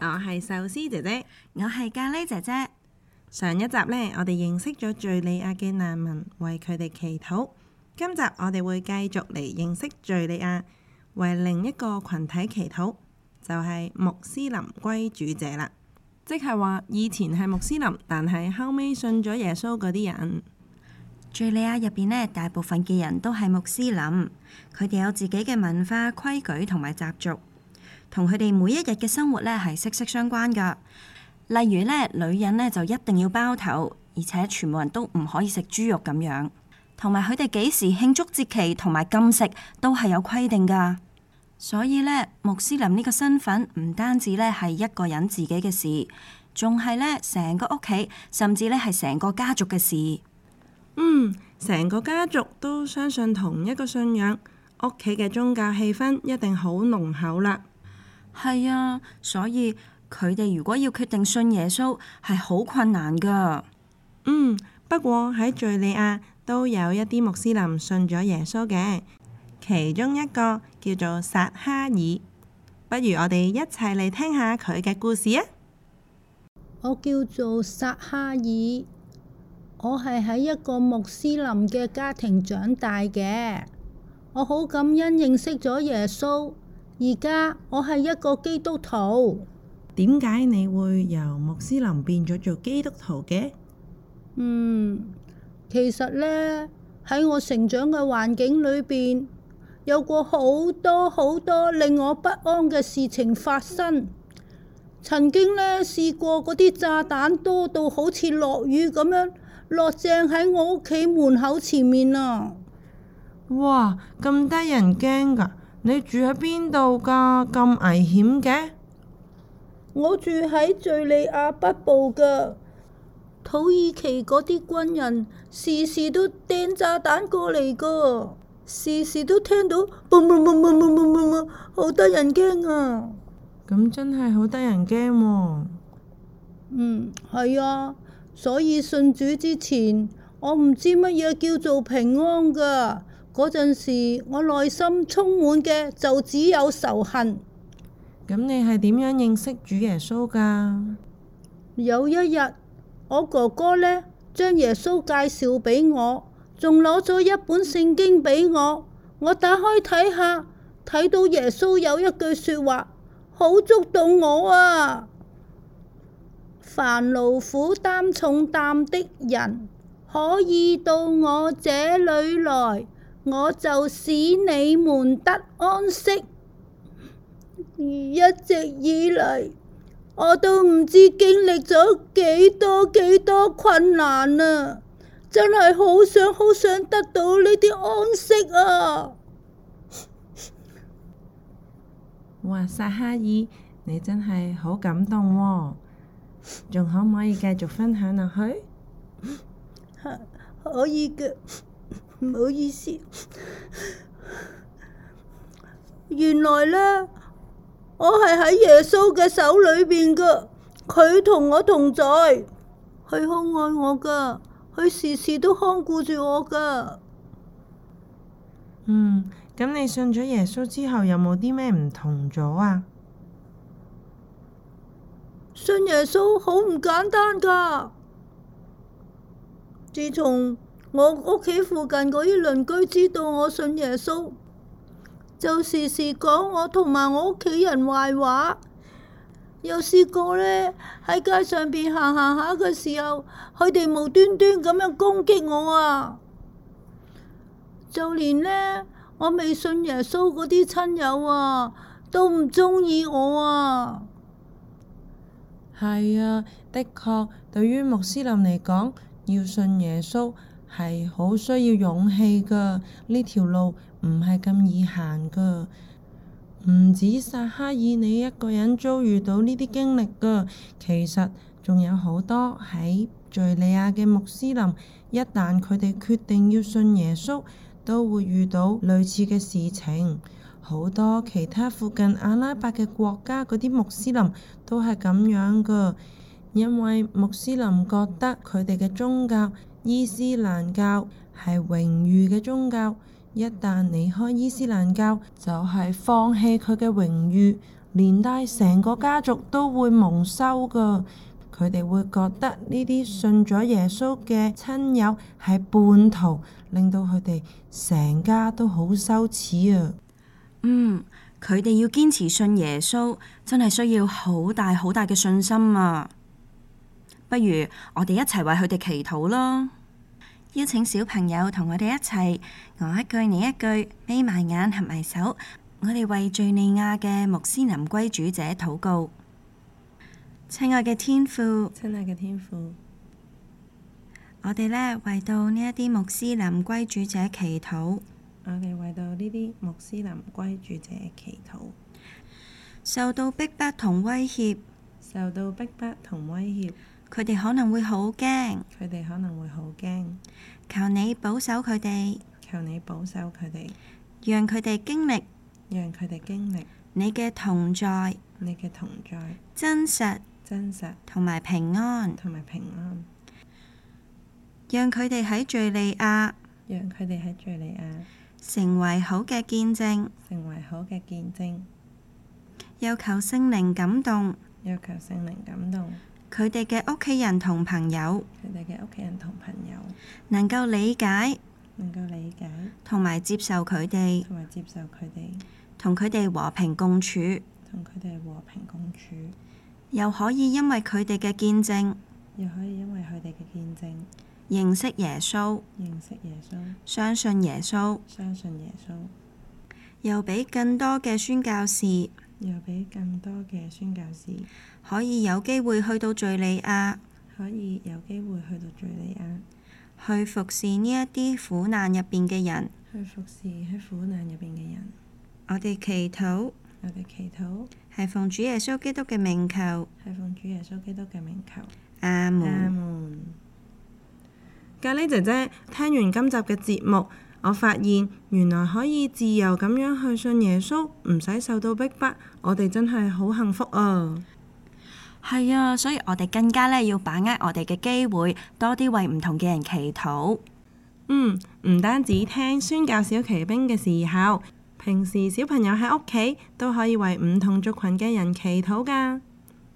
我係壽司姐姐，我係咖喱姐姐。上一集呢，我哋認識咗敘利亞嘅難民，為佢哋祈禱。今集我哋會繼續嚟認識敘利亞，為另一個群體祈禱，就係穆斯林歸主者啦。即係話以前係穆斯林，但係後尾信咗耶穌嗰啲人。敘利亞入邊呢，大部分嘅人都係穆斯林，佢哋有自己嘅文化規矩同埋習俗。同佢哋每一日嘅生活咧係息息相關噶。例如咧，女人咧就一定要包頭，而且全部人都唔可以食豬肉咁樣。同埋佢哋幾時慶祝節期同埋禁食都係有規定噶。所以咧，穆斯林呢個身份唔單止咧係一個人自己嘅事，仲係咧成個屋企甚至咧係成個家族嘅事。嗯，成個家族都相信同一個信仰，屋企嘅宗教氣氛一定好濃厚啦。係啊，所以佢哋如果要決定信耶穌，係好困難噶。嗯，不過喺敘利亞都有一啲穆斯林信咗耶穌嘅，其中一個叫做薩哈爾。不如我哋一齊嚟聽下佢嘅故事啊！我叫做薩哈爾，我係喺一個穆斯林嘅家庭長大嘅，我好感恩認識咗耶穌。而家我係一個基督徒。點解你會由穆斯林變咗做基督徒嘅？嗯，其實呢，喺我成長嘅環境裏邊，有過好多好多令我不安嘅事情發生。曾經呢，試過嗰啲炸彈多到好似落雨咁樣落正喺我屋企門口前面啊！哇，咁得人驚噶～你住喺邊度噶？咁危險嘅？我住喺敘利亞北部噶，土耳其嗰啲軍人時時都掟炸彈過嚟噶，時時都聽到嘣嘣嘣嘣嘣嘣嘣，好得人驚啊！咁真係好得人驚喎。嗯，係啊，所以信主之前，我唔知乜嘢叫做平安噶。嗰陣時，我內心充滿嘅就只有仇恨。咁你係點樣認識主耶穌㗎？有一日，我哥哥呢，將耶穌介紹俾我，仲攞咗一本聖經俾我。我打開睇下，睇到耶穌有一句說話，好觸動我啊！凡勞苦擔重擔的人，可以到我這裏來。我就使你們得安息。而一直以嚟，我都唔知經歷咗幾多幾多困難啊！真係好想好想得到呢啲安息啊！哇，薩哈爾，你真係好感動喎，仲可唔可以繼續分享落去？ 可以嘅。唔好意思， 原來呢，我係喺耶穌嘅手裏邊噶，佢同我同在，佢好愛我噶，佢時時都看顧住我噶。嗯，咁你信咗耶穌之後，有冇啲咩唔同咗啊？信耶穌好唔簡單噶，自從。我屋企附近嗰啲鄰居知道我信耶穌，就時時講我同埋我屋企人壞話。又試過呢，喺街上邊行行下嘅時候，佢哋無端端咁樣攻擊我啊！就連呢，我未信耶穌嗰啲親友啊，都唔鍾意我啊！係啊，的確，對於穆斯林嚟講，要信耶穌。係好需要勇氣噶，呢條路唔係咁易行噶。唔止薩哈爾你一個人遭遇到呢啲經歷噶，其實仲有好多喺敘利亞嘅穆斯林，一旦佢哋決定要信耶穌，都會遇到類似嘅事情。好多其他附近阿拉伯嘅國家嗰啲穆斯林都係咁樣噶，因為穆斯林覺得佢哋嘅宗教，伊斯蘭教係榮譽嘅宗教，一旦離開伊斯蘭教，就係放棄佢嘅榮譽，連帶成個家族都會蒙羞噶。佢哋會覺得呢啲信咗耶穌嘅親友係叛徒，令到佢哋成家都好羞恥啊！嗯，佢哋要堅持信耶穌，真係需要好大好大嘅信心啊！不如我哋一齊為佢哋祈禱咯！邀請小朋友同我哋一齊，我一句你一句，眯埋眼合埋手，我哋為敘利亞嘅穆斯林歸主者禱告。親愛嘅天父，親愛嘅天父，我哋呢，為到呢一啲穆斯林歸主者祈禱。我哋為到呢啲穆斯林歸主者祈禱。受到逼迫同威脅，受到逼迫同威脅。佢哋可能會好驚，佢哋可能會好驚。求你保守佢哋，求你保守佢哋，讓佢哋經歷，讓佢哋經歷你嘅同在，你嘅同在真實，真實同埋平安，同埋平安。讓佢哋喺敘利亞，讓佢哋喺敘利亞成為好嘅見證，成為好嘅見證。又求聖靈感動，又求聖靈感動。佢哋嘅屋企人同朋友，佢哋嘅屋企人同朋友能夠理解，能夠理解，同埋接受佢哋，同埋接受佢哋，同佢哋和平共處，同佢哋和平共處，又可以因為佢哋嘅見證，又可以因為佢哋嘅見證認識耶穌，認識耶穌，相信耶穌，相信耶穌，又俾更多嘅宣教士。又俾更多嘅宣教士可以有機會去到敘利亞，可以有機會去到敘利亞，去服侍呢一啲苦難入邊嘅人，去服侍喺苦難入邊嘅人。我哋祈禱，我哋祈禱，係奉主耶穌基督嘅名求，係奉主耶穌基督嘅名求。阿門。阿門。咖喱門姐姐，聽完今集嘅節目。我發現原來可以自由咁樣去信耶穌，唔使受到逼迫。我哋真係好幸福啊！係啊，所以我哋更加咧要把握我哋嘅機會，多啲為唔同嘅人祈禱。嗯，唔單止聽宣教小騎兵嘅時候，平時小朋友喺屋企都可以為唔同族群嘅人祈禱噶。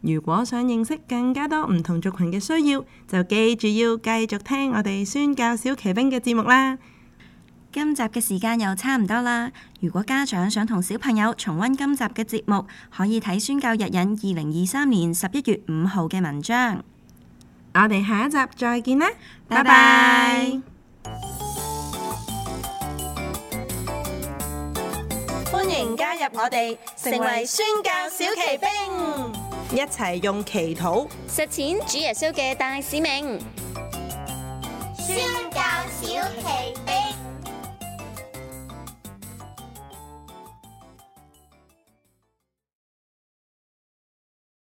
如果想認識更加多唔同族群嘅需要，就記住要繼續聽我哋宣教小騎兵嘅節目啦。今集嘅時間又差唔多啦，如果家長想同小朋友重温今集嘅節目，可以睇宣教日引二零二三年十一月五號嘅文章。我哋下一集再見啦，拜拜！歡迎加入我哋，成為宣教小奇兵，一齊用祈禱、實踐主耶穌嘅大使命。宣